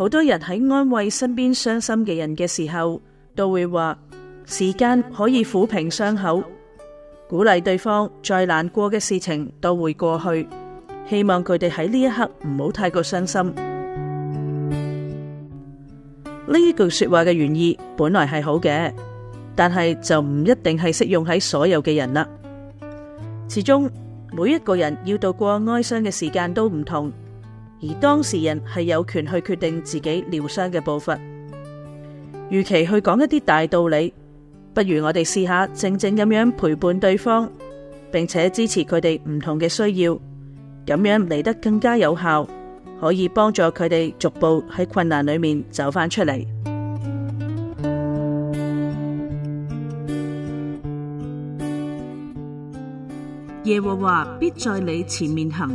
好多人喺安慰身邊傷心嘅人嘅時候，都會話時間可以撫平傷口，鼓勵對方再難過嘅事情都會過去，希望佢哋喺呢一刻唔好太過傷心。呢一句說話嘅原意本來係好嘅，但係就唔一定係適用喺所有嘅人啦。始終每一個人要度過哀傷嘅時間都唔同。而當事人係有權去決定自己療傷嘅步伐，與其去講一啲大道理，不如我哋試下靜靜咁樣陪伴對方，並且支持佢哋唔同嘅需要，咁樣嚟得更加有效，可以幫助佢哋逐步喺困難裏面走翻出嚟。耶和華必在你前面行。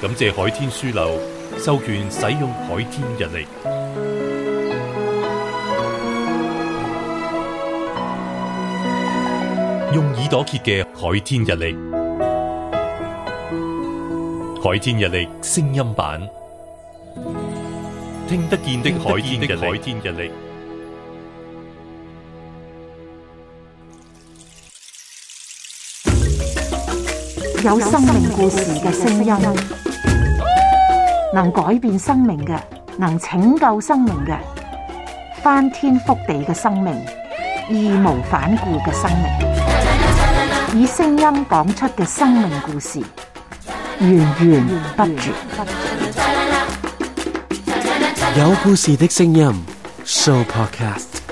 感謝海天書樓授權使用海天日曆，用耳朵揭嘅海天日曆，海天日曆聲音版，聽得見的海天日曆。有生命故事嘅聲音，能改變生命嘅，能拯救生命嘅，翻天覆地嘅生命，義無反顧嘅生命，以聲音講出嘅生命故事，源源不絕。有故事的聲音，Sooo Podcast。